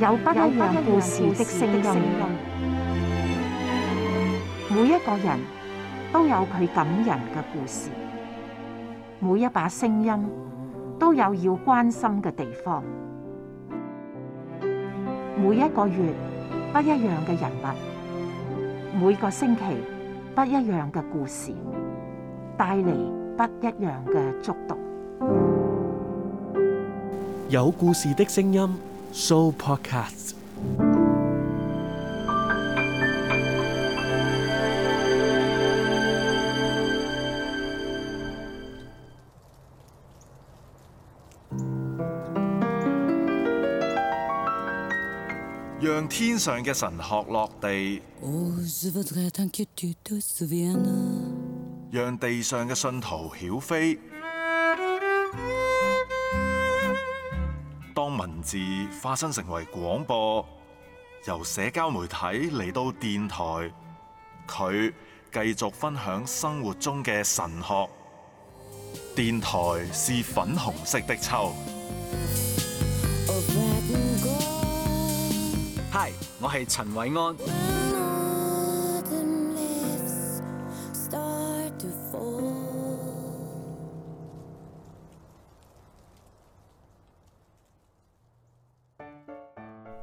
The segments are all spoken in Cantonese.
有不一樣故事的聲音，每一個人都有佢感人嘅故事，每一把聲音都有要關心嘅地方，每一個月不一樣嘅人物，每個星期不一樣嘅故事，帶嚟不一樣嘅觸動。有故事的聲音。Soul Show Podcast。讓天上嘅神學落地，讓地上嘅信徒曉飛。文字化身成為廣播，由社交媒體嚟到電台，佢繼續分享生活中嘅神學。電台是粉紅色的秋。嗨，我係陳偉安。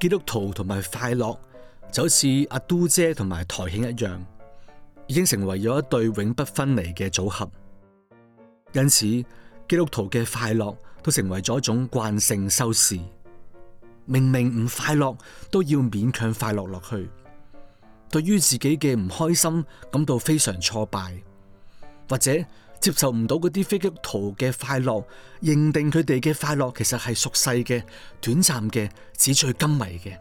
基督徒同埋快樂，就好似阿都姐同埋台慶一樣，已經成為咗一對永不分離嘅組合。因此，基督徒嘅快樂都成為咗一種慣性收視，明明唔快樂都要勉強快樂落去，對於自己嘅唔開心感到非常挫敗，或者。接受唔到嗰啲非基督徒嘅快樂，認定佢哋嘅快樂其實係屬世嘅、短暫嘅、紙醉金迷嘅。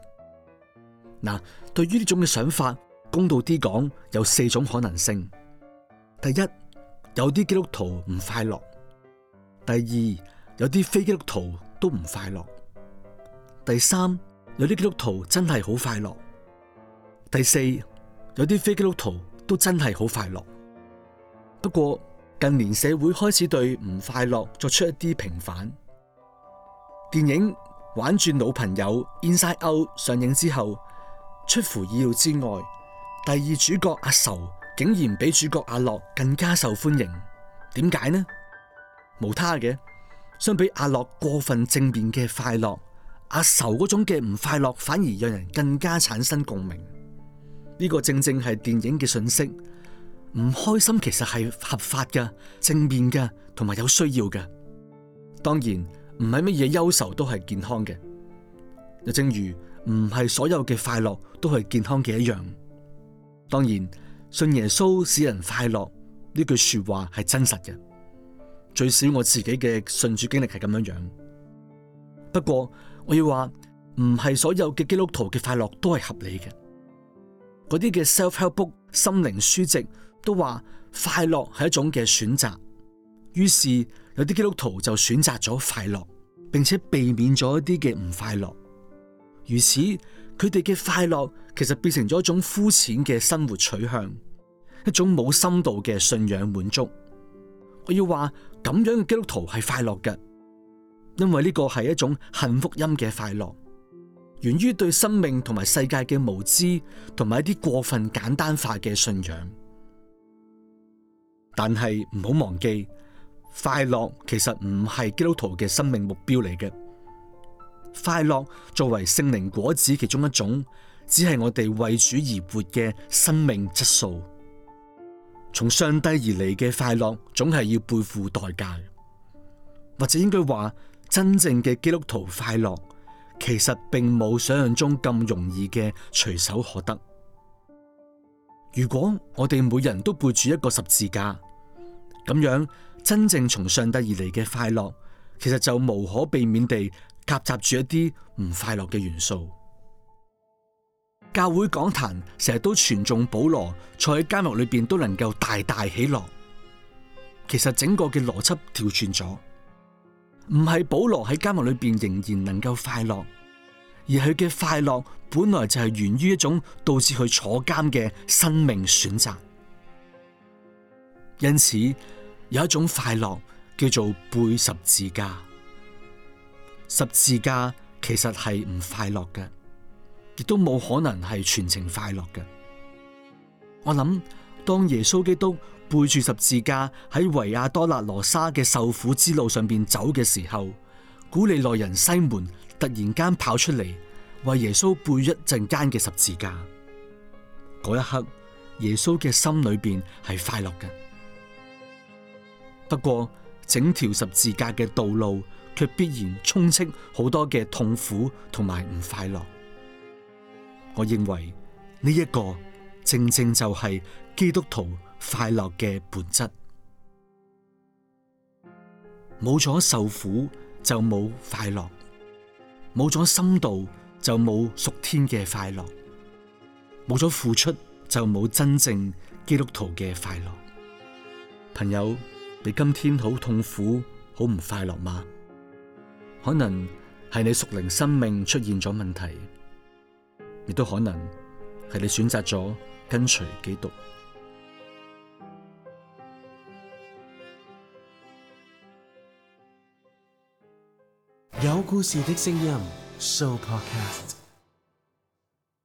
嗱、啊，對於呢種嘅想法，公道啲講，有四種可能性：第一，有啲基督徒唔快樂；第二，有啲非基督徒都唔快樂；第三，有啲基督徒真係好快樂；第四，有啲非基督徒都真係好快樂。不過。近年社會開始對唔快樂作出一啲平反。電影《玩轉老朋友 Inside Out》上映之後，出乎意料之外，第二主角阿愁竟然比主角阿樂更加受歡迎。點解呢？無他嘅，相比阿樂過分正面嘅快樂，阿愁嗰種嘅唔快樂反而讓人更加產生共鳴。呢個正正係電影嘅訊息。唔開心其實係合法嘅，正面嘅同埋有需要嘅。當然唔係乜嘢憂愁都係健康嘅，又正如唔係所有嘅快樂都係健康嘅一樣。當然信耶穌使人快樂，呢句說話係真實嘅，最少我自己嘅信主經歷係咁樣樣。不過我要話唔係所有嘅基督徒嘅快樂都係合理嘅，嗰啲嘅 self-help book 心靈書籍。都話快樂係一種嘅選擇，於是有啲基督徒就選擇咗快樂，並且避免咗一啲嘅唔快樂。如此，佢哋嘅快樂其實變成咗一種膚淺嘅生活取向，一種冇深度嘅信仰滿足。我要話咁樣嘅基督徒係快樂嘅，因為呢個係一種幸福音嘅快樂，源於對生命同埋世界嘅無知，同埋一啲過分簡單化嘅信仰。但係唔好忘記，快樂其實唔係基督徒嘅生命目標嚟嘅。快樂作為聖靈果子其中一種，只係我哋為主而活嘅生命質素。從上帝而嚟嘅快樂，總係要背負代價嘅，或者應該話，真正嘅基督徒快樂，其實並冇想象中咁容易嘅隨手可得。如果我哋每人都背住一個十字架。咁樣真正從上帝而嚟嘅快樂，其實就無可避免地夾雜住一啲唔快樂嘅元素。教會講壇成日都傳頌保羅坐喺監獄裏邊都能夠大大喜樂。其實整個嘅邏輯調轉咗，唔係保羅喺監獄裏邊仍然能夠快樂，而佢嘅快樂本來就係源於一種導致佢坐監嘅生命選擇。因此有一種快樂叫做背十字架，十字架其實係唔快樂嘅，亦都冇可能係全程快樂嘅。我諗當耶穌基督背住十字架喺維亞多納羅沙嘅受苦之路上邊走嘅時候，古利奈人西門突然間跑出嚟為耶穌背一陣間嘅十字架，嗰一刻耶穌嘅心裏邊係快樂嘅。不過，整條十字架嘅道路卻必然充斥好多嘅痛苦同埋唔快樂。我認為呢一個正正就係基督徒快樂嘅本質。冇咗受苦就冇快樂，冇咗深度就冇屬天嘅快樂，冇咗付出就冇真正基督徒嘅快樂，朋友。你今天好痛苦、好唔快樂嗎？可能係你屬靈生命出現咗問題，亦都可能係你選擇咗跟隨基督。有故事嘅聲音，Show Podcast。